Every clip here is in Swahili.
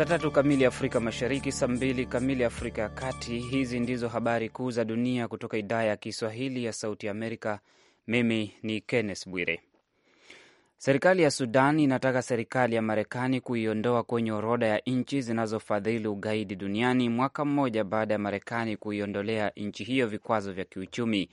Saa tatu kamili Afrika Mashariki, saa mbili kamili Afrika ya Kati. Hizi ndizo habari kuu za dunia kutoka idhaa ya Kiswahili ya Sauti Amerika. Mimi ni Kenneth Bwire. Serikali ya Sudan inataka serikali ya Marekani kuiondoa kwenye orodha ya nchi zinazofadhili ugaidi duniani mwaka mmoja baada ya Marekani kuiondolea nchi hiyo vikwazo vya kiuchumi.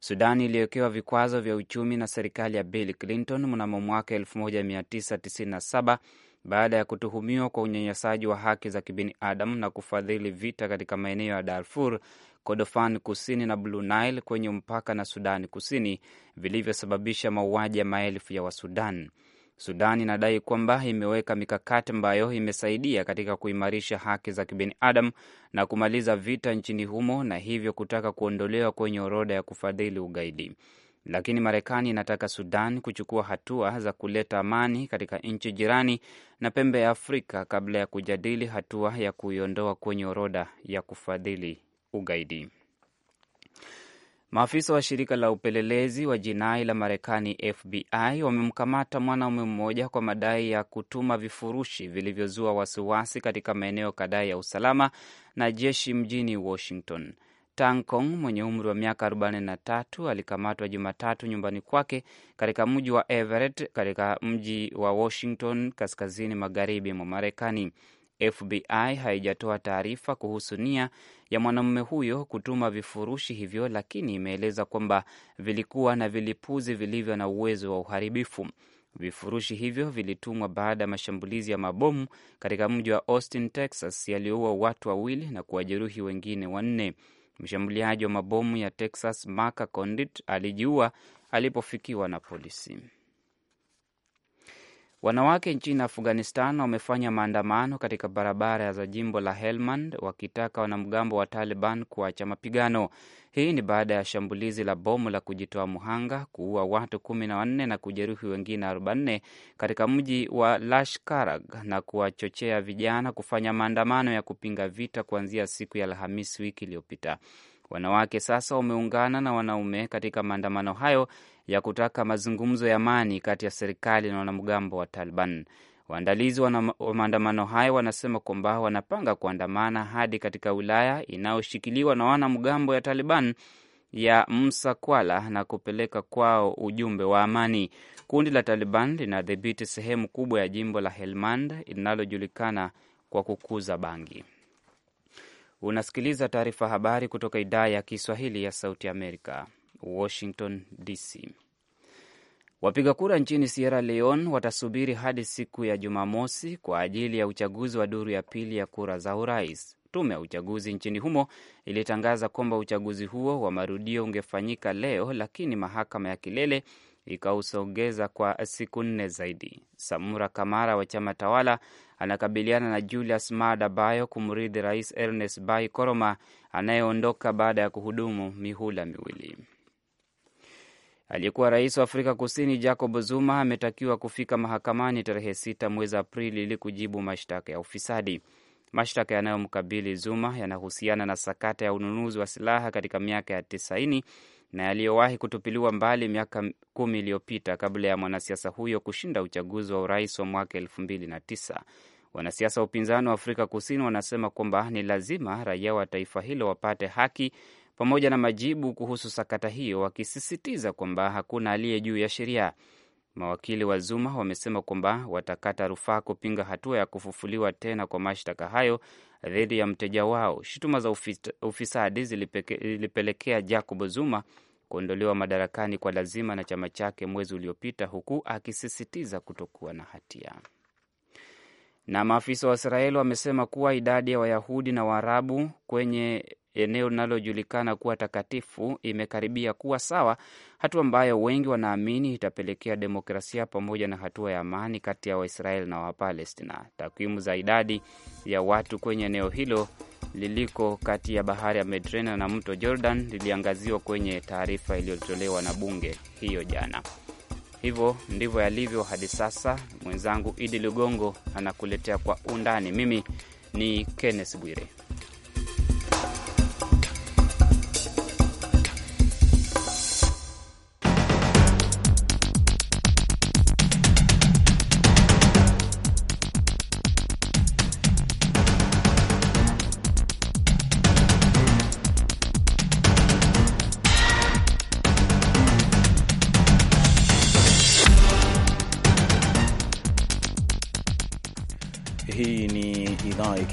Sudan iliwekewa vikwazo vya uchumi na serikali ya Bill Clinton mnamo mwaka 1997 baada ya kutuhumiwa kwa unyanyasaji wa haki za kibinadamu na kufadhili vita katika maeneo ya Darfur, Kordofan Kusini na Blue Nile kwenye mpaka na Sudani Kusini, vilivyosababisha mauaji ya maelfu ya Wasudan. Sudan inadai kwamba imeweka mikakati ambayo imesaidia katika kuimarisha haki za kibinadamu na kumaliza vita nchini humo na hivyo kutaka kuondolewa kwenye orodha ya kufadhili ugaidi lakini Marekani inataka Sudan kuchukua hatua za kuleta amani katika nchi jirani na pembe ya Afrika kabla ya kujadili hatua ya kuiondoa kwenye orodha ya kufadhili ugaidi. Maafisa wa shirika la upelelezi wa jinai la Marekani FBI wamemkamata mwanaume mmoja kwa madai ya kutuma vifurushi vilivyozua wasiwasi katika maeneo kadhaa ya usalama na jeshi mjini Washington. Tankong mwenye umri wa miaka 43 alikamatwa Jumatatu nyumbani kwake katika mji wa Everett katika mji wa Washington kaskazini magharibi mwa Marekani. FBI haijatoa taarifa kuhusu nia ya mwanamume huyo kutuma vifurushi hivyo, lakini imeeleza kwamba vilikuwa na vilipuzi vilivyo na uwezo wa uharibifu. Vifurushi hivyo vilitumwa baada ya mashambulizi ya mabomu katika mji wa Austin, Texas, yaliyoua watu wawili na kuwajeruhi wengine wanne. Mshambuliaji wa mabomu ya Texas Marka Condit alijiua alipofikiwa na polisi. Wanawake nchini Afghanistan wamefanya maandamano katika barabara za jimbo la Helmand wakitaka wanamgambo wa Taliban kuacha mapigano. Hii ni baada ya shambulizi la bomu la kujitoa muhanga kuua watu kumi na wanne na kujeruhi wengine arobaini katika mji wa lashkarag na kuwachochea vijana kufanya maandamano ya kupinga vita kuanzia siku ya Alhamisi wiki iliyopita. Wanawake sasa wameungana na wanaume katika maandamano hayo ya kutaka mazungumzo ya amani kati ya serikali na wanamgambo wa Taliban. Waandalizi wa maandamano hayo wanasema kwamba wanapanga kuandamana hadi katika wilaya inayoshikiliwa na wanamgambo ya Taliban ya msakwala na kupeleka kwao ujumbe wa amani. Kundi la Taliban linadhibiti sehemu kubwa ya jimbo la Helmand linalojulikana kwa kukuza bangi. Unasikiliza taarifa habari kutoka idhaa ya Kiswahili ya Sauti Amerika. Washington DC. Wapiga kura nchini Sierra Leone watasubiri hadi siku ya Jumamosi kwa ajili ya uchaguzi wa duru ya pili ya kura za urais. Tume ya uchaguzi nchini humo ilitangaza kwamba uchaguzi huo wa marudio ungefanyika leo, lakini mahakama ya kilele ikausogeza kwa siku nne zaidi. Samura Kamara wa chama tawala anakabiliana na Julius Maada Bayo kumrithi Rais Ernest Bai Koroma anayeondoka baada ya kuhudumu mihula miwili. Aliyekuwa rais wa Afrika Kusini Jacob Zuma ametakiwa kufika mahakamani tarehe sita mwezi Aprili ili kujibu mashtaka ya ufisadi. Mashtaka yanayomkabili Zuma yanahusiana na sakata ya ununuzi wa silaha katika miaka ya tisaini na yaliyowahi kutupiliwa mbali miaka kumi iliyopita kabla ya mwanasiasa huyo kushinda uchaguzi wa urais wa mwaka elfu mbili na tisa. Wanasiasa wa upinzani wa Afrika Kusini wanasema kwamba ni lazima raia wa taifa hilo wapate haki pamoja na majibu kuhusu sakata hiyo, wakisisitiza kwamba hakuna aliye juu ya sheria. Mawakili wa Zuma wamesema kwamba watakata rufaa kupinga hatua ya kufufuliwa tena kwa mashtaka hayo dhidi ya mteja wao. Shutuma za ufisadi zilipelekea Jacob Zuma kuondolewa madarakani kwa lazima na chama chake mwezi uliopita, huku akisisitiza kutokuwa na hatia. Na maafisa wa Israeli wamesema kuwa idadi ya Wayahudi na Waarabu kwenye eneo linalojulikana kuwa takatifu imekaribia kuwa sawa, hatua ambayo wengi wanaamini itapelekea demokrasia pamoja na hatua ya amani kati ya Waisraeli na Wapalestina. Takwimu za idadi ya watu kwenye eneo hilo liliko kati ya bahari ya medrena na mto Jordan liliangaziwa kwenye taarifa iliyotolewa na bunge hiyo jana. Hivyo ndivyo yalivyo hadi sasa. Mwenzangu Idi Lugongo anakuletea kwa undani. Mimi ni Kenneth Bwire.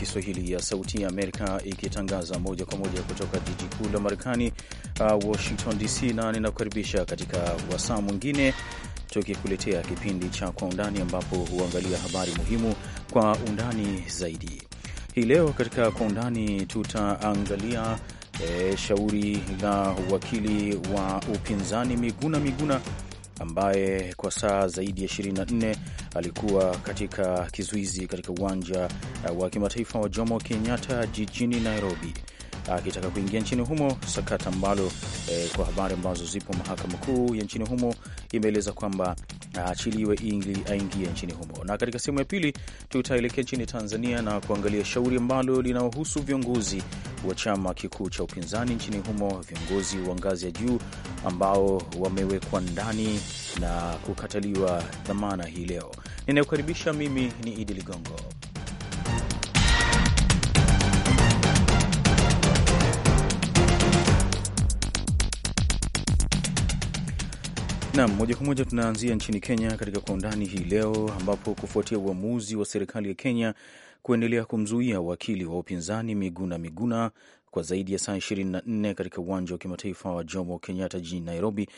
Kiswahili ya Sauti ya Amerika ikitangaza moja kwa moja kutoka jiji kuu la Marekani, uh, Washington DC, na ninakukaribisha katika wasaa mwingine tukikuletea kipindi cha Kwa Undani ambapo huangalia habari muhimu kwa undani zaidi. Hii leo katika Kwa Undani tutaangalia eh, shauri la wakili wa upinzani Miguna Miguna ambaye kwa saa zaidi ya 24 alikuwa katika kizuizi katika uwanja uh, wa kimataifa wa Jomo Kenyatta jijini Nairobi akitaka kuingia nchini humo, sakata ambalo eh, kwa habari ambazo zipo, mahakama kuu ya nchini humo imeeleza kwamba aachiliwe aingie nchini humo. Na katika sehemu ya pili tutaelekea nchini Tanzania na kuangalia shauri ambalo linaohusu viongozi wa chama kikuu cha upinzani nchini humo, viongozi wa ngazi ya juu ambao wamewekwa ndani na kukataliwa dhamana hii leo. Ninayokaribisha mimi ni Idi Ligongo. Nam moja kwa moja tunaanzia nchini Kenya katika kwa undani hii leo, ambapo kufuatia uamuzi wa serikali ya Kenya kuendelea kumzuia wakili wa upinzani Miguna Miguna kwa zaidi ya saa 24 katika uwanja wa kimataifa wa Jomo Kenyatta jijini Nairobi,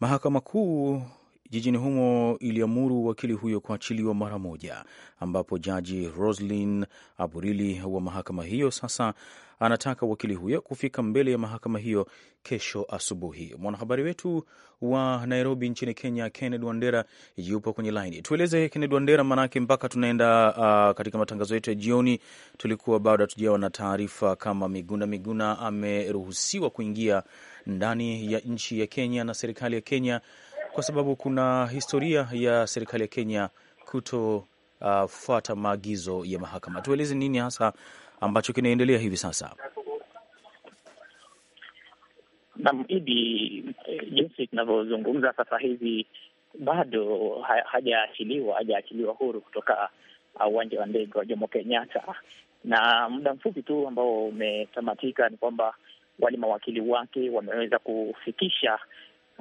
mahakama kuu jijini humo iliamuru wakili huyo kuachiliwa mara moja, ambapo jaji Roslin Aburili wa mahakama hiyo sasa anataka wakili huyo kufika mbele ya mahakama hiyo kesho asubuhi. Mwanahabari wetu wa Nairobi nchini Kenya, Kenneth Wandera yupo kwenye laini. Tueleze Kenneth Wandera, maanake mpaka tunaenda uh, katika matangazo yetu ya jioni, tulikuwa bado hatujawa na taarifa kama Miguna Miguna ameruhusiwa kuingia ndani ya nchi ya Kenya na serikali ya Kenya kwa sababu kuna historia ya serikali ya Kenya kutofuata uh, maagizo ya mahakama. Tueleze nini hasa ambacho kinaendelea hivi sasa? Naam, Idi, jinsi tunavyozungumza sasa hivi bado hajaachiliwa hajaachiliwa huru kutoka uh, uwanja wa ndege wa Jomo Kenyatta, na muda mfupi tu ambao umetamatika ni kwamba wale mawakili wake wameweza kufikisha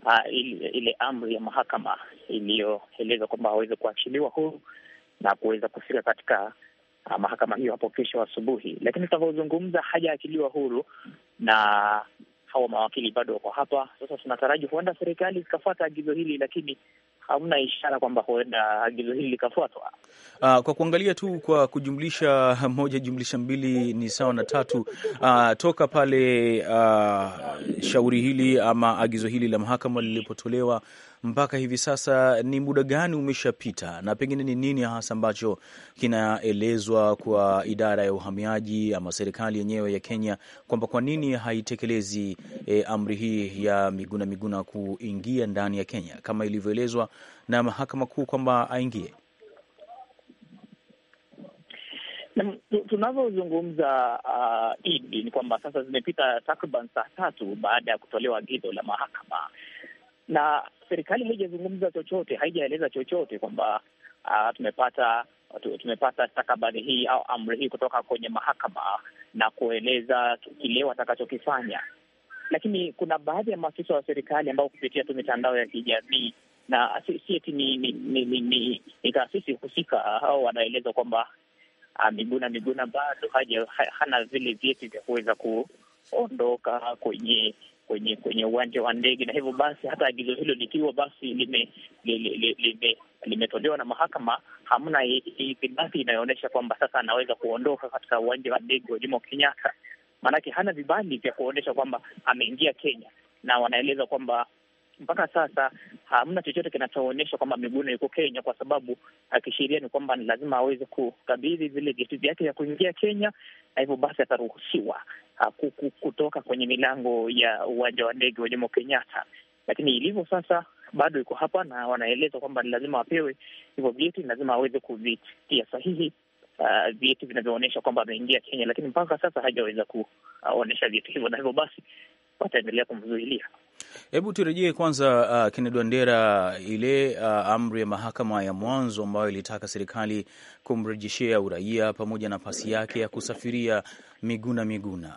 uh, ah, ile, ile amri ya mahakama iliyoeleza kwamba aweze kuachiliwa huru na kuweza kufika katika uh, mahakama hiyo hapo kesho asubuhi, lakini tunavyozungumza hajaachiliwa huru na hawa mawakili bado wako hapa. Sasa tunataraji huenda serikali zikafuata agizo hili, lakini hamna ishara kwamba huenda agizo hili likafuatwa. Uh, kwa kuangalia tu kwa kujumlisha moja jumlisha mbili ni sawa na tatu. Uh, toka pale uh, shauri hili ama agizo hili la mahakama lilipotolewa mpaka hivi sasa ni muda gani umeshapita, na pengine ni nini hasa ambacho kinaelezwa kwa idara ya uhamiaji ama serikali yenyewe ya Kenya kwamba kwa nini haitekelezi e, amri hii ya Miguna Miguna kuingia ndani ya Kenya kama ilivyoelezwa na mahakama kuu kwamba aingie? Tunavyozungumza uh, idi ni kwamba sasa zimepita takriban saa tatu baada ya kutolewa agizo la mahakama na serikali haijazungumza chochote, haijaeleza chochote kwamba ah, tumepata tumepata stakabadhi hii au amri hii kutoka kwenye mahakama na kueleza kile watakachokifanya. Lakini kuna baadhi ya maafisa wa serikali ambao kupitia tu mitandao ya kijamii na si eti ni, ni, ni, ni, ni, ni taasisi husika au ah, wanaeleza kwamba ah, Miguna Miguna bado hana vile vyeti vya kuweza kuondoka kwenye kwenye kwenye uwanja wa ndege, na hivyo basi hata agizo hilo likiwa basi lime limetolewa lime, lime na mahakama, hamna ithibati inayoonyesha kwamba sasa anaweza kuondoka katika uwanja wa ndege wa Jomo Kenyatta, maanake hana vibali vya kuonyesha kwamba ameingia Kenya, na wanaeleza kwamba mpaka sasa hamna chochote kinachoonyesha kwamba Miguna yuko Kenya, kwa sababu uh, kisheria ni kwamba ni lazima aweze kukabidhi vile vyeti vyake vya kuingia Kenya, na hivyo basi ataruhusiwa uh, kutoka kwenye milango ya uwanja wa ndege wa Jomo Kenyatta, lakini ilivyo sasa bado iko hapa na wanaeleza kwamba ni lazima wapewe hivyo vyeti, lazima aweze kuvitia sahihi uh, vyeti vinavyoonyesha kwamba ameingia Kenya, lakini mpaka sasa hajaweza kuonyesha vyeti hivyo, na hivyo basi wataendelea kumzuilia. Hebu turejee kwanza, uh, Kennedy Wandera, ile uh, amri ya mahakama ya mwanzo ambayo ilitaka serikali kumrejeshea uraia pamoja na pasi yake ya kusafiria Miguna Miguna,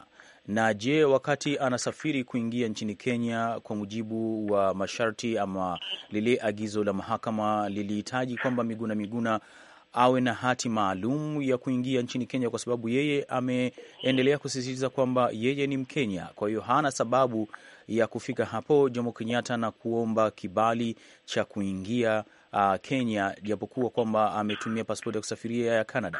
na je, wakati anasafiri kuingia nchini Kenya, kwa mujibu wa masharti ama lile agizo la mahakama, lilihitaji kwamba Miguna Miguna awe na hati maalum ya kuingia nchini Kenya, kwa sababu yeye ameendelea kusisitiza kwamba yeye ni Mkenya, kwa hiyo hana sababu ya kufika hapo Jomo Kenyatta na kuomba kibali cha kuingia uh, Kenya, japokuwa kwamba ametumia pasipoti ya kusafiria ya Canada.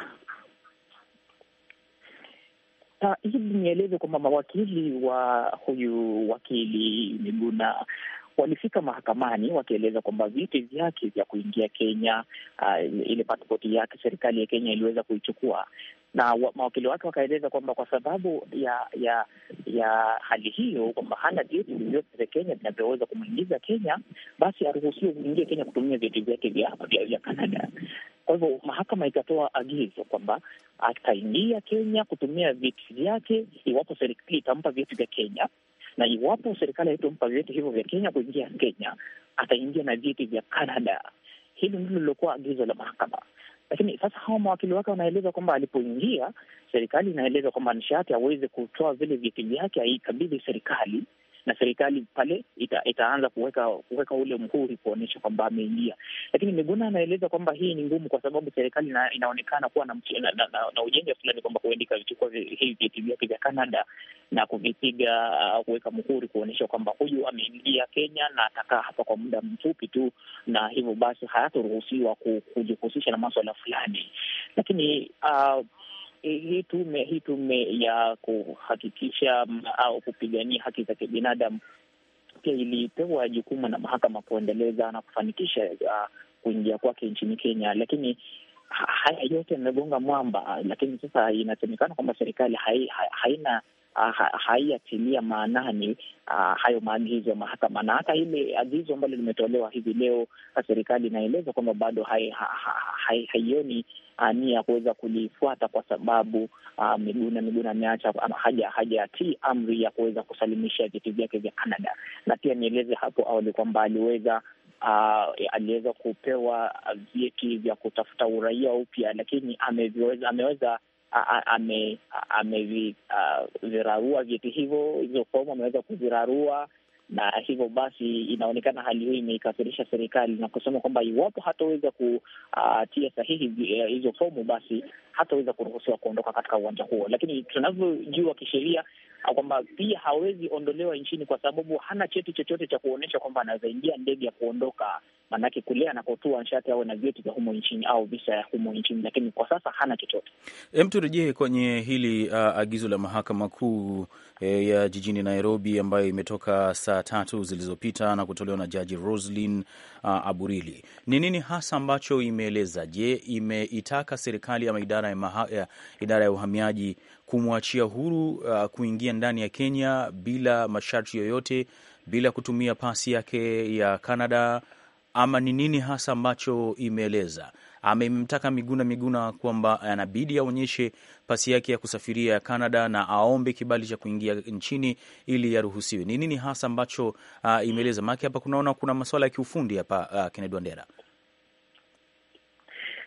Uh, hivi nieleze kwamba mawakili wa huyu wakili Miguna walifika mahakamani wakieleza kwamba vyeti vyake vya kuingia Kenya, uh, ile pasipoti yake serikali ya Kenya iliweza kuichukua na mawakili wake wakaeleza kwamba kwa sababu ya ya ya hali hiyo, kwamba hana vyeti vyovyote vya Kenya vinavyoweza kumwingiza Kenya, basi aruhusiwe kuingia Kenya kutumia vyeti vyake vya Canada. Kwa hivyo mahakama ikatoa agizo kwamba ataingia Kenya kutumia vyeti vyake iwapo serikali itampa vyeti vya Kenya na iwapo serikali haitompa vyeti hivyo vya Kenya kuingia Kenya, ataingia na vyeti vya Canada. Hili ndilo lilokuwa agizo la mahakama. Lakini sasa hawa mawakili wake wanaeleza kwamba alipoingia, serikali inaeleza kwamba nishati aweze kutoa vile vyeti vyake, aikabidhi serikali na serikali pale ita, itaanza kuweka kuweka ule mhuri kuonyesha kwamba ameingia. Lakini Miguna anaeleza kwamba hii ni ngumu kwa sababu serikali na, inaonekana kuwa na, na, na, na ujanja fulani kwamba huenda vichukua hivi vyeti vyake vya Canada na kuvipiga uh, kuweka mhuri kuonyesha kwamba huyu ameingia Kenya na atakaa hapa kwa muda mfupi tu, na hivyo basi hayatoruhusiwa kujihusisha na maswala fulani, lakini uh, hii tume hii tume ya kuhakikisha au kupigania haki za kibinadamu pia ilipewa jukumu na mahakama kuendeleza na kufanikisha uh, kuingia kwake nchini Kenya, lakini haya yote yamegonga mwamba. Lakini sasa inasemekana kwamba serikali hai, haina haiatilia maanani uh, hayo maagizo ya mahakama, na hata ile agizo ambalo limetolewa hivi leo, serikali inaeleza kwamba bado haioni hai, hai, nia kuweza kulifuata kwa sababu uh, ah, Miguna Miguna ameacha haja hajatii amri ya kuweza kusalimisha vyeti vyake vya Canada, na pia nieleze hapo awali kwamba aliweza Uh, aliweza kupewa vyeti vya kutafuta uraia upya, lakini ameweza amevirarua ame, ame, uh, vyeti hivyo, hizo fomu ameweza kuvirarua na hivyo basi inaonekana hali hiyo imeikasirisha serikali na kusema kwamba iwapo hataweza kutia sahihi eh, hizo fomu, basi hataweza kuruhusiwa kuondoka katika uwanja huo. Lakini tunavyojua kisheria, kwamba pia hawezi ondolewa nchini kwa sababu hana cheti chochote cha kuonyesha kwamba anaweza ingia ndege ya kuondoka, maanake kule anakotua nshati awe na vyeti vya humo nchini au visa ya humo nchini, lakini kwa sasa hana chochote. Hem, turejee kwenye hili uh, agizo la mahakama kuu eh, ya jijini Nairobi ambayo imetoka saa tatu zilizopita na kutolewa na jaji roslin uh, Aburili. Ni nini hasa ambacho imeeleza? Je, imeitaka serikali ama idara ya, idara ya uhamiaji kumwachia huru uh, kuingia ndani ya Kenya bila masharti yoyote, bila kutumia pasi yake ya Canada, ama ni nini hasa ambacho imeeleza ama imemtaka Miguna Miguna kwamba anabidi aonyeshe pasi yake ya kusafiria Canada na aombe kibali cha kuingia nchini ili yaruhusiwe. Ni nini hasa ambacho uh, imeeleza? Maanake hapa kunaona kuna masuala ya kiufundi hapa, uh, Kennedy Wandera.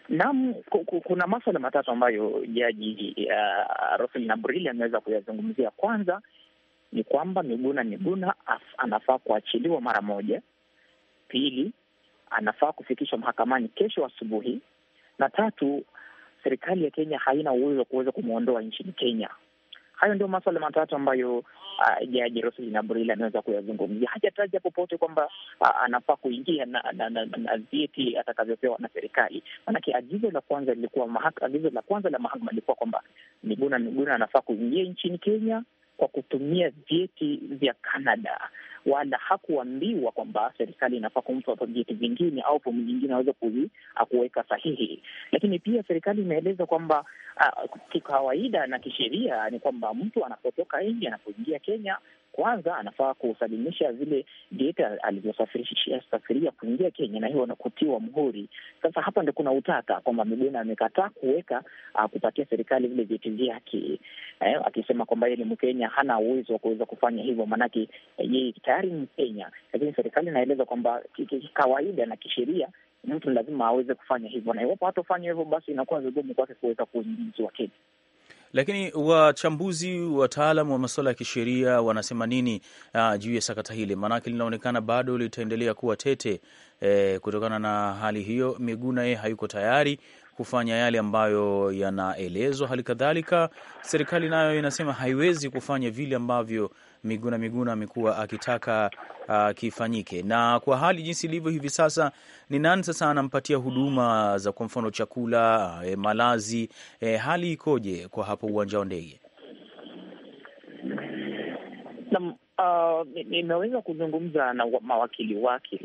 Naam, kuna maswala matatu ambayo jaji uh, Roselyne Abrili ameweza kuyazungumzia. Kwanza ni kwamba Miguna Miguna anafaa kuachiliwa mara moja. Pili, anafaa kufikishwa mahakamani kesho asubuhi, na tatu, serikali ya Kenya haina uwezo wa kuweza kumwondoa nchini Kenya Hayo ndio maswala matatu ambayo uh, jaji Roselyn Abril ameweza kuyazungumzia. Hajataja popote kwamba uh, anafaa kuingia na, na, na, na vyeti atakavyopewa na serikali, maanake agizo la kwanza lilikuwa agizo la kwanza la mahakama lilikuwa kwamba Miguna Miguna anafaa kuingia nchini Kenya kwa kutumia vyeti vya Canada wala hakuambiwa kwamba serikali inafaa kumpa vyeti vingine au fomu nyingine aweze kuweka sahihi. Lakini pia serikali imeeleza kwamba uh, kikawaida na kisheria ni kwamba mtu anapotoka nje anapoingia Kenya kwanza anafaa kusalimisha zile data alizosafiria kuingia Kenya na hiyo kutiwa mhuri. Sasa hapa ndo kuna utata kwamba Miguna amekataa kuweka uh, kupatia serikali vile vyeti vyake eh, akisema kwamba yeye ni Mkenya, hana uwezo wa kuweza kufanya hivyo, maanake eh, yeye eh, tayari ni Mkenya. Lakini serikali inaeleza kwamba kawaida na kisheria mtu lazima aweze kufanya hivyo, na iwapo hatofanya hivyo, basi inakuwa vigumu kwake kuweza kuingizwa Kenya. Lakini wachambuzi, wataalam wa masuala ya kisheria wanasema nini uh, juu ya sakata hili? Maanake linaonekana bado litaendelea kuwa tete eh, kutokana na hali hiyo. Miguna yeye eh, hayuko tayari kufanya yale ambayo yanaelezwa. Hali kadhalika serikali nayo inasema haiwezi kufanya vile ambavyo Miguna Miguna amekuwa akitaka uh, kifanyike, na kwa hali jinsi ilivyo hivi sasa, ni nani sasa anampatia huduma za kwa mfano chakula, e, malazi, e, hali ikoje kwa hapo uwanja wa ndege? Uh, nimeweza kuzungumza na mawakili wake,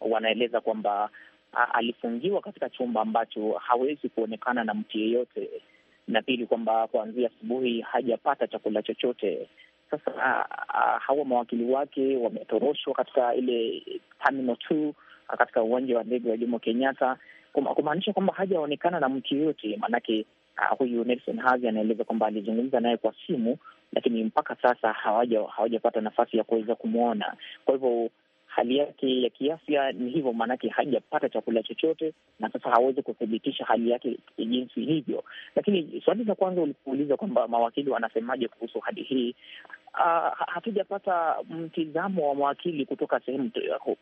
wanaeleza kwamba ah, alifungiwa katika chumba ambacho hawezi kuonekana na mtu yeyote, na pili kwamba kuanzia asubuhi hajapata chakula chochote sasa uh, hawa mawakili wake wametoroshwa katika ile terminal two ah, katika uwanja wa ndege wa Jomo Kenyatta, kumaanisha kwamba hajaonekana na mtu yoyote. Maanake uh, huyu Nelson Havi anaeleza kwamba alizungumza naye kwa simu, lakini mpaka sasa hawajapata nafasi ya kuweza kumwona. Kwa hivyo hali yake ya kiafya ni hivyo, maanake hajapata chakula chochote na sasa hawezi kuthibitisha hali yake jinsi hivyo. Lakini swali la kwanza ulikuuliza kwamba mawakili wanasemaje kuhusu hali hii, uh, hatujapata mtizamo wa mawakili kutoka sehemu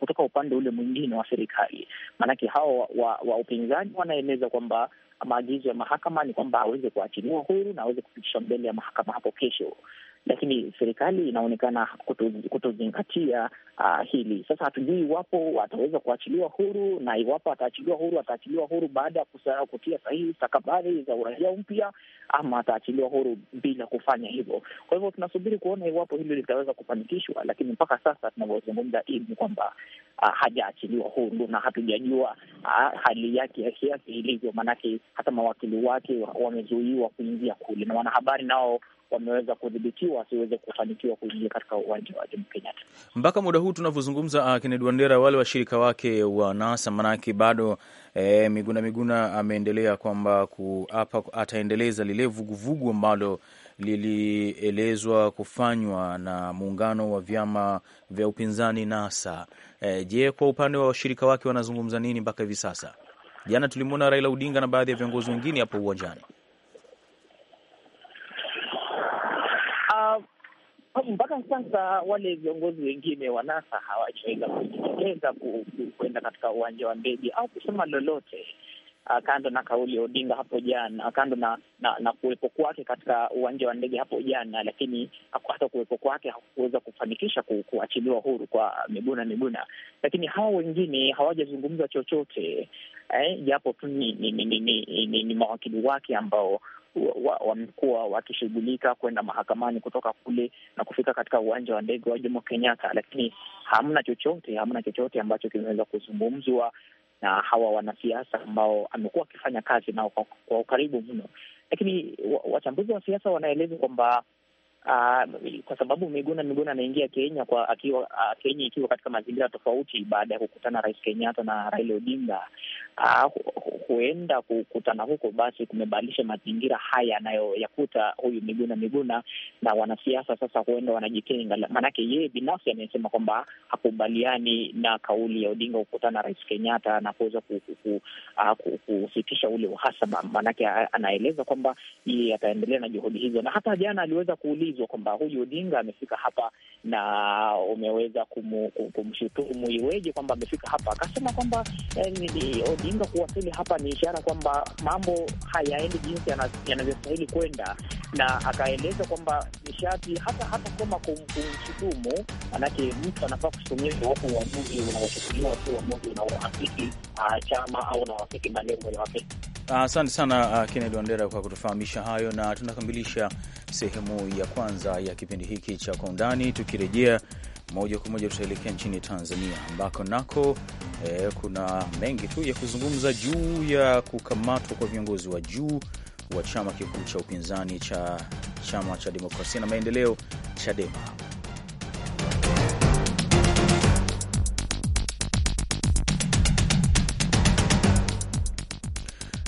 kutoka upande ule mwingine wa serikali, maanake hao wa, wa, wa upinzani wanaeleza kwamba maagizo ya mahakama ni kwamba aweze kuachiliwa huru na aweze kufikishwa mbele ya mahakama hapo kesho, lakini serikali inaonekana kutozingatia uh, hili sasa. Hatujui iwapo wataweza kuachiliwa huru, na iwapo ataachiliwa huru, ataachiliwa huru baada ya kutia sahihi stakabadhi za uraia mpya, ama ataachiliwa huru bila kufanya hivyo. Kwa hivyo tunasubiri kuona iwapo hili litaweza kufanikishwa, lakini mpaka sasa tunavyozungumza ni kwamba uh, hajaachiliwa huru na hatujajua uh, hali yake ya kiasi ilivyo, maanake hata mawakili wake wamezuiwa kuingia kule na wanahabari nao wameweza kudhibitiwa wasiweze kufanikiwa kuingia katika uwanja wa Jomo Kenyatta mpaka muda huu huu tunavyozungumza, uh, Kennedy Wandera, wale washirika wake wa NASA manake bado eh, Miguna Miguna ameendelea kwamba kuapa ataendeleza lile vuguvugu ambalo lilielezwa kufanywa na muungano wa vyama vya upinzani NASA. E, je, kwa upande wa washirika wake wanazungumza nini mpaka hivi sasa? Jana tulimwona Raila Odinga na baadhi ya viongozi wengine hapo uwanjani. mpaka sasa wale viongozi wengine wa NASA hawajaweza kujitokeza kwenda katika uwanja wa ndege au kusema lolote, ah, kando na kauli ya Odinga hapo jana, kando na na, na kuwepo kwake katika uwanja wa ndege hapo jana, lakini hata kuwepo kwake hakuweza kufanikisha ku, kuachiliwa huru kwa Miguna Miguna, lakini hawa wengine hawajazungumza chochote eh, japo eh, tu ni, ni, ni, ni, ni, ni, ni mawakili wake ambao wamekuwa wakishughulika kwenda mahakamani kutoka kule na kufika katika uwanja wa ndege wa Jomo Kenyatta, lakini hamna chochote, hamna chochote ambacho kimeweza kuzungumzwa na hawa wanasiasa ambao amekuwa akifanya kazi nao kwa ukaribu mno. Lakini wachambuzi wa siasa wanaeleza kwamba uh, kwa sababu Miguna Miguna anaingia Kenya kwa akiwa uh, Kenya ikiwa katika mazingira tofauti baada ya kukutana Rais Kenyatta na Raila Odinga. Uh, huenda kukutana huko basi kumebadilisha mazingira haya anayoyakuta huyu Miguna Miguna, na wanasiasa sasa huenda wanajikenga, maanake yeye binafsi amesema kwamba hakubaliani na kauli ya Odinga kukutana na Rais Kenyatta na kuweza kusitisha ule uhasama, maanake anaeleza kwamba yeye ataendelea na juhudi hizo, na hata jana aliweza kuuliza hizo kwamba huyu Odinga amefika hapa na umeweza kumshutumu iweje kwamba amefika hapa. Akasema kwamba eh, Odinga kuwasili hapa ni ishara kwamba mambo hayaendi jinsi yanavyostahili kwenda, na akaeleza kwamba nishati hata hata kama kumshutumu, manake mtu anafaa kushutumia iwapo uamuzi unaochukuliwa si uamuzi unaoafiki ah, chama au unaoafiki malengo ya Asante uh, sana uh, Kennedy Wandera kwa kutufahamisha hayo, na tunakamilisha sehemu ya kwanza ya kipindi hiki cha Kwa Undani tukirejea moja kwa moja tutaelekea nchini Tanzania ambako nako e, kuna mengi tu ya kuzungumza juu ya kukamatwa kwa viongozi wa juu wa chama kikuu cha upinzani cha chama cha demokrasia na maendeleo, CHADEMA.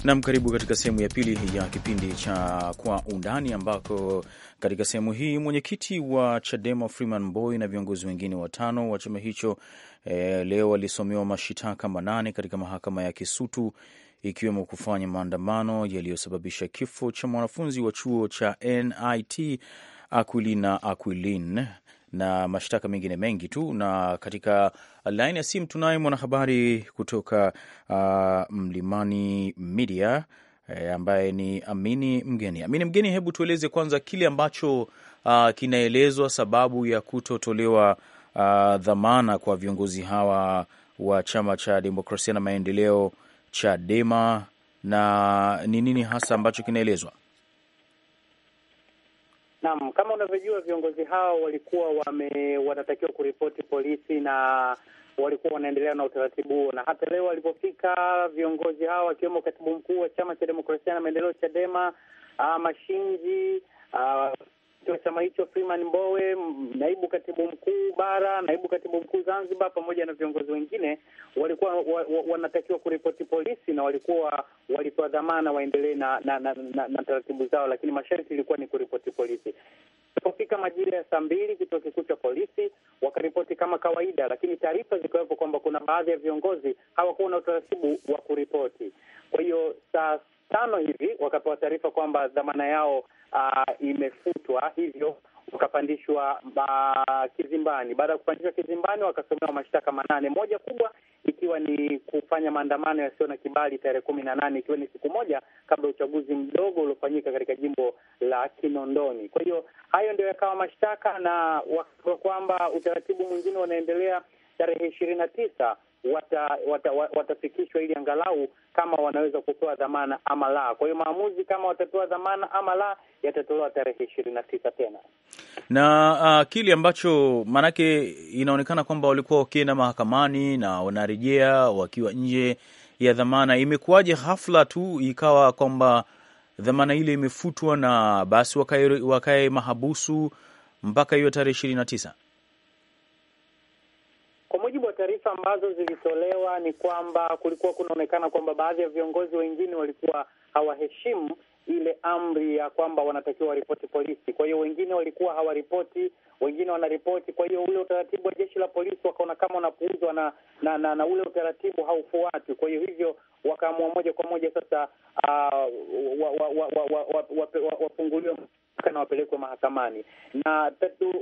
Nam, karibu katika sehemu ya pili ya kipindi cha Kwa Undani, ambako katika sehemu hii mwenyekiti wa Chadema Freeman Mbowe na viongozi wengine watano wa chama hicho e, leo walisomewa mashitaka manane katika mahakama ya Kisutu ikiwemo kufanya maandamano yaliyosababisha kifo cha mwanafunzi wa chuo cha NIT Aquilina Aquilin na mashtaka mengine mengi tu. Na katika laini ya simu tunaye mwanahabari kutoka uh, Mlimani Media eh, ambaye ni Amini Mgeni. Amini Mgeni, hebu tueleze kwanza kile ambacho uh, kinaelezwa sababu ya kutotolewa uh, dhamana kwa viongozi hawa wa chama cha demokrasia na maendeleo Chadema, na ni nini hasa ambacho kinaelezwa? Naam, kama unavyojua viongozi hao walikuwa wame, wanatakiwa kuripoti polisi na walikuwa wanaendelea na utaratibu huo, na hata leo walipofika viongozi hao wakiwemo katibu mkuu wa chama cha demokrasia na maendeleo Chadema, ah, Mashinji ah, wa chama hicho Freeman Mbowe, naibu katibu mkuu bara, naibu katibu mkuu Zanzibar, pamoja na viongozi wengine walikuwa wa, wa, wanatakiwa kuripoti polisi na walikuwa walipewa dhamana waendelee na, na, na, na, na taratibu zao, lakini masharti ilikuwa ni kuripoti polisi. Ilipofika majira ya saa mbili, kituo kikuu cha polisi wakaripoti kama kawaida, lakini taarifa zikiwepo kwamba kuna baadhi ya viongozi hawakuwa na utaratibu wa kuripoti. Kwa hiyo saa tano hivi wakapewa taarifa kwamba dhamana yao uh, imefutwa, hivyo wakapandishwa uh, kizimbani. Baada ya kupandishwa kizimbani, wakasomewa mashtaka manane, moja kubwa ikiwa ni kufanya maandamano yasiyo na kibali tarehe kumi na nane ikiwa ni siku moja kabla ya uchaguzi mdogo uliofanyika katika jimbo la Kinondoni. Kwa hiyo hayo ndio yakawa mashtaka, na wakasema kwamba utaratibu mwingine unaendelea tarehe ishirini na tisa watafikishwa wata, wata ili angalau kama wanaweza kupewa dhamana ama la. Kwa hiyo maamuzi kama watapewa dhamana ama la yatatolewa tarehe ishirini na tisa tena na uh, kile ambacho maanake inaonekana kwamba walikuwa wakienda mahakamani na wanarejea wakiwa nje ya dhamana. Imekuwaje ghafla tu ikawa kwamba dhamana ile imefutwa na basi wakae, wakae mahabusu mpaka hiyo tarehe ishirini na tisa? taarifa ambazo zilitolewa ni kwamba kulikuwa kunaonekana kwamba baadhi ya viongozi wengine walikuwa hawaheshimu ile amri ya kwamba wanatakiwa waripoti polisi. Kwa hiyo wengine walikuwa hawaripoti, wengine wanaripoti. Kwa hiyo ule utaratibu wa jeshi la polisi wakaona kama unapuuzwa na na, na na ule utaratibu haufuati. Kwa hiyo hivyo wakaamua moja kwa moja sasa uh, wafunguliwe na wapelekwe mahakamani. Na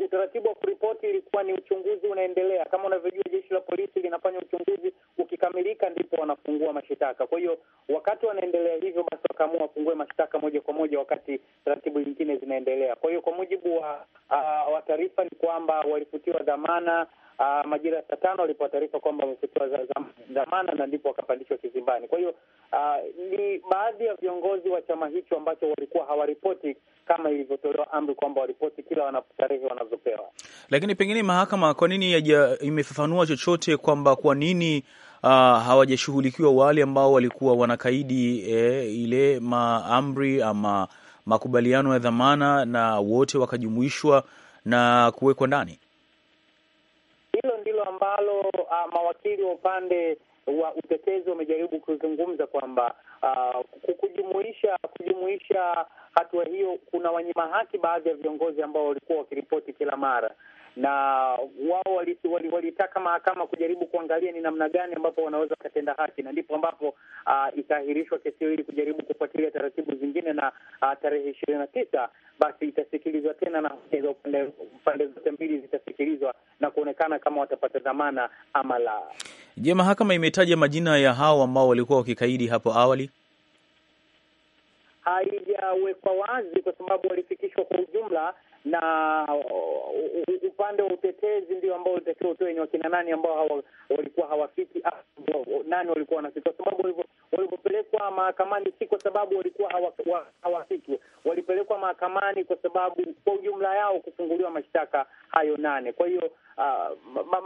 utaratibu wa kuripoti ilikuwa ni uchunguzi unaendelea. Kama unavyojua, jeshi la polisi linafanya uchunguzi, ukikamilika ndipo wanafungua mashitaka. Kwa hiyo wakati wanaendelea hivyo, basi wakaamua wafungue mashtaka kutumika moja kwa moja wakati taratibu nyingine zinaendelea. Kwa hiyo kwa mujibu wa uh, wa taarifa ni kwamba walifutiwa dhamana uh, majira ya saa tano walipewa taarifa kwamba wamefutiwa dhamana na ndipo wakapandishwa kizimbani. Kwa hiyo uh, ni baadhi ya viongozi wa chama hicho ambacho walikuwa hawaripoti kama ilivyotolewa amri kwamba waripoti kila wanatarehe wanazopewa. Lakini pengine mahakama, kwa nini imefafanua chochote kwamba kwa nini uh, hawajashughulikiwa wale ambao walikuwa wanakaidi eh, ile maamri ama makubaliano ya dhamana na wote wakajumuishwa na kuwekwa ndani. Hilo ndilo ambalo uh, mawakili wa upande wa utetezi wamejaribu kuzungumza kwamba uh, kujumuisha kujumuisha hatua hiyo kuna wanyima haki baadhi ya viongozi ambao walikuwa wakiripoti kila mara, na wao walitaka wali, wali mahakama kujaribu kuangalia ni namna gani ambapo wanaweza wakatenda haki, na ndipo ambapo uh, ikaahirishwa kesi hiyo ili kujaribu kufuatilia taratibu zingine, na uh, tarehe ishirini na tisa basi itasikilizwa tena na pande zote mbili zitasikilizwa na kuonekana kama watapata dhamana ama la. Je, mahakama imetaja majina ya hao ambao walikuwa wakikaidi hapo awali? Haijawekwa wazi kwa sababu walifikishwa kwa ujumla na upande wa utetezi ndio ambao ulitakiwa utoe ni wakina nani ambao walikuwa hawafiki, ah, nani walikuwa wanafiki, kwa sababu walivyopelekwa mahakamani si kwa sababu walikuwa hawafiki, walipelekwa mahakamani kwa sababu kwa ujumla yao kufunguliwa mashtaka hayo nane. Kwa hiyo ah,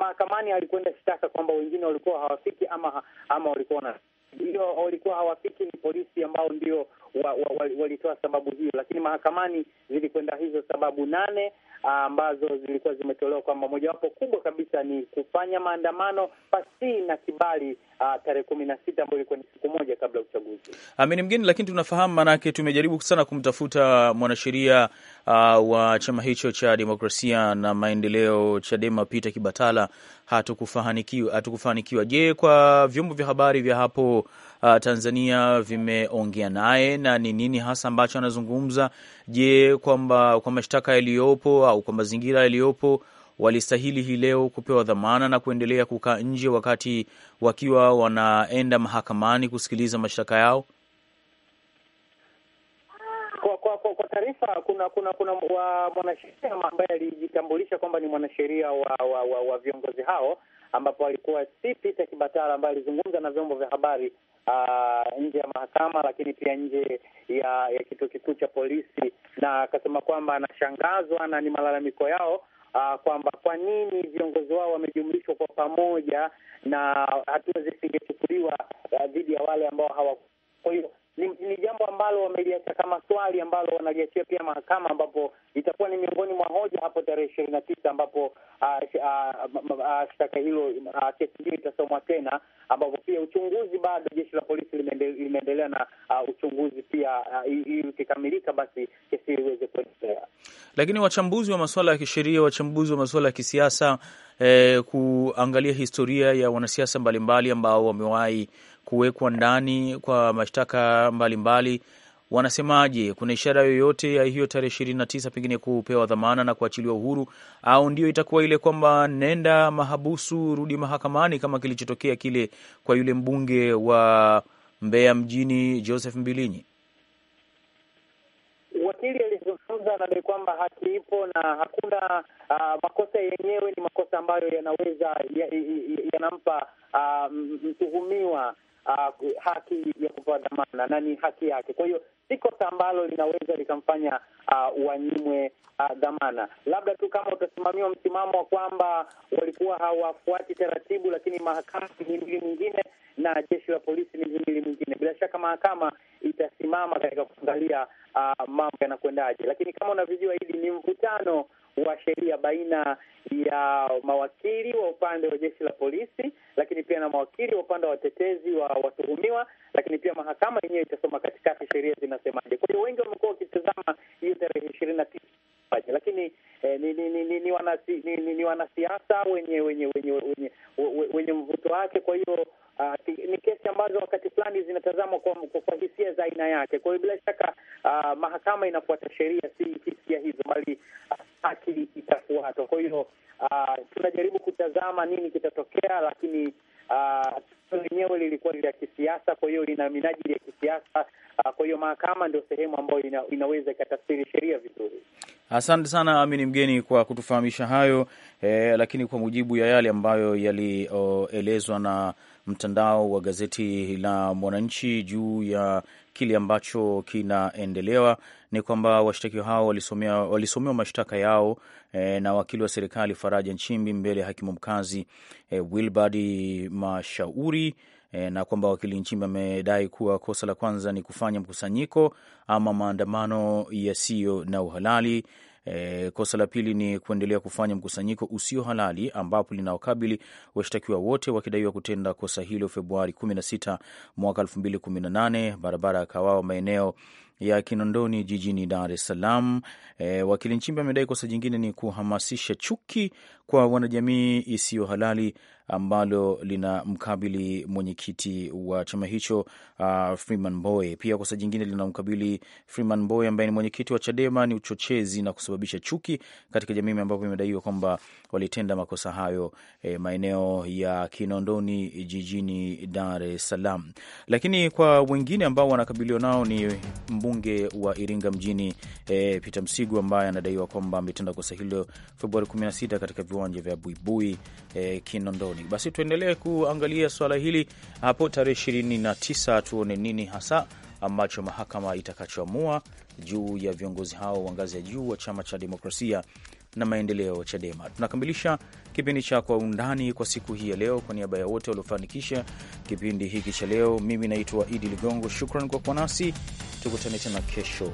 mahakamani alikwenda shtaka kwamba wengine walikuwa hawafiki ama ama walikuwa na ndio walikuwa hawafiki, ni polisi ambao ndio walitoa wa, wa, wa, wa sababu hiyo, lakini mahakamani zilikwenda hizo sababu nane ambazo zilikuwa zimetolewa kwamba mojawapo kubwa kabisa ni kufanya maandamano pasi na kibali uh, tarehe kumi na sita ambayo ilikuwa ni siku moja kabla ya uchaguzi. Amini ah, mgeni, lakini tunafahamu, maanake tumejaribu sana kumtafuta mwanasheria uh, wa chama hicho cha demokrasia na maendeleo Chadema Peter Kibatala, hatukufanikiwa. Je, kwa vyombo vya habari vya hapo uh, Tanzania vimeongea naye na ni nini hasa ambacho anazungumza? Je, kwamba kwa mashtaka yaliyopo au kwa mazingira yaliyopo walistahili hii leo kupewa dhamana na kuendelea kukaa nje wakati wakiwa wanaenda mahakamani kusikiliza mashtaka yao? Kwa taarifa kuna kuna kuna mwanasheria ambaye alijitambulisha kwamba ni mwanasheria wa, wa, wa, wa viongozi hao ambapo alikuwa si Peter Kibatala ambaye alizungumza na vyombo vya habari Uh, nje ya mahakama lakini pia nje ya ya kituo kikuu cha polisi, na akasema kwamba anashangazwa na ni malalamiko yao uh, kwamba kwa nini viongozi wao wamejumlishwa kwa pamoja na hatua zisingechukuliwa ah, dhidi uh, ya wale ambao hawa. Kwa hiyo ni, ni jambo ambalo wameliacha kama swali ambalo wanaliachia pia mahakama, ambapo itakuwa ni miongoni mwa hoja hapo tarehe ishirini na tisa ambapo ah, ah, ah, shtaka hilo, kesi hiyo itasomwa tena, ambapo pia uchunguzi bado jeshi la polisi limeendelea na a, uchunguzi pia hiyo ikikamilika, basi kesi hiyo iweze kuendelea. Lakini wachambuzi wa masuala ya kisheria, wachambuzi wa masuala ya kisiasa eh, kuangalia historia ya wanasiasa mbalimbali ambao wamewahi kuwekwa ndani kwa mashtaka mbalimbali, wanasemaje? Kuna ishara yoyote ya hiyo tarehe ishirini na tisa pengine kupewa dhamana na kuachiliwa uhuru, au ndio itakuwa ile kwamba nenda mahabusu rudi mahakamani, kama kilichotokea kile kwa yule mbunge wa Mbeya mjini Joseph Mbilinyi? Wakili alizungumza anadai kwamba haki ipo na hakuna uh, makosa yenyewe ni makosa ambayo yanaweza yanampa ya, ya, ya uh, mtuhumiwa uh, haki ya kupewa dhamana na ni haki yake. Kwa hiyo si kosa ambalo linaweza likamfanya uh, wanyimwe uh, dhamana, labda tu kama utasimamiwa msimamo wa kwamba walikuwa hawafuati taratibu, lakini mahakama ni mhimili mwingine na jeshi la polisi ni mhimili mwingine. Bila shaka mahakama itasimama katika kuangalia uh, mambo yanakwendaje, lakini kama unavyojua hili ni mvutano wa sheria baina ya mawakili wa upande wa jeshi la polisi, lakini pia na mawakili wa upande wa watetezi wa watuhumiwa, lakini pia mahakama yenyewe itasoma katikati sheria zinasemaje. Kwa hiyo wengi wamekuwa wakitazama hiyo tarehe ishirini na tisa lakini eh, ni, ni, ni, ni, ni wanasiasa ni, ni wanasiasa wenye wenye wenye wenye, wenye mvuto wake. Kwa hiyo uh, ni kesi ambazo wakati fulani zinatazamwa kwa, kwa hisia za aina yake. Kwa hiyo bila shaka uh, mahakama inafuata sheria, si hisia hizo, bali akili itafuatwa. Kwa hiyo uh, tunajaribu kutazama nini kitatokea, lakini uh, lenyewe lilikuwa la kisiasa, kwa hiyo lina minajili ya kisiasa. Uh, kwa hiyo mahakama ndio sehemu ambayo ina, inaweza ikatafsiri sheria vizuri. Asante sana Amini Mgeni kwa kutufahamisha hayo eh, lakini kwa mujibu ya yale ambayo yalielezwa oh, na mtandao wa gazeti la Mwananchi juu ya kile ambacho kinaendelewa ni kwamba washtakiwa hao walisomewa mashtaka yao e, na wakili wa serikali Faraja Nchimbi mbele ya hakimu mkazi e, Wilbard Mashauri e, na kwamba wakili Nchimbi amedai kuwa kosa la kwanza ni kufanya mkusanyiko ama maandamano yasiyo na uhalali E, kosa la pili ni kuendelea kufanya mkusanyiko usio halali ambapo linawakabili washtakiwa wote wakidaiwa kutenda kosa hilo Februari 16 mwaka 2018, barabara ya Kawawa maeneo ya Kinondoni jijini Dar es Salaam. E, wakili Nchimbi amedai kosa jingine ni kuhamasisha chuki kwa wanajamii isiyo halali ambalo lina mkabili mwenyekiti wa chama hicho uh, Freeman Mbowe. Pia kosa jingine lina mkabili Freeman Mbowe ambaye ni mwenyekiti wa Chadema ni uchochezi na kusababisha chuki katika jamii, ambapo imedaiwa kwamba walitenda makosa hayo e, maeneo ya Kinondoni jijini Dar es Salaam. Lakini kwa wengine ambao wanakabiliwa nao ni mbunge mbunge wa Iringa mjini e, Peter Msigu ambaye anadaiwa kwamba ametenda kosa hilo Februari 16 katika viwanja vya Buibui e, Kinondoni. Basi tuendelee kuangalia swala hili hapo tarehe 29, tuone nini hasa ambacho mahakama itakachoamua juu ya viongozi hao wa ngazi ya juu wa chama cha demokrasia na maendeleo CHADEMA. Tunakamilisha kipindi cha Kwa Undani kwa siku hii ya leo. Kwa niaba ya wote waliofanikisha kipindi hiki cha leo, mimi naitwa Idi Ligongo. Shukran kwa kuwa nasi, tukutane tena kesho.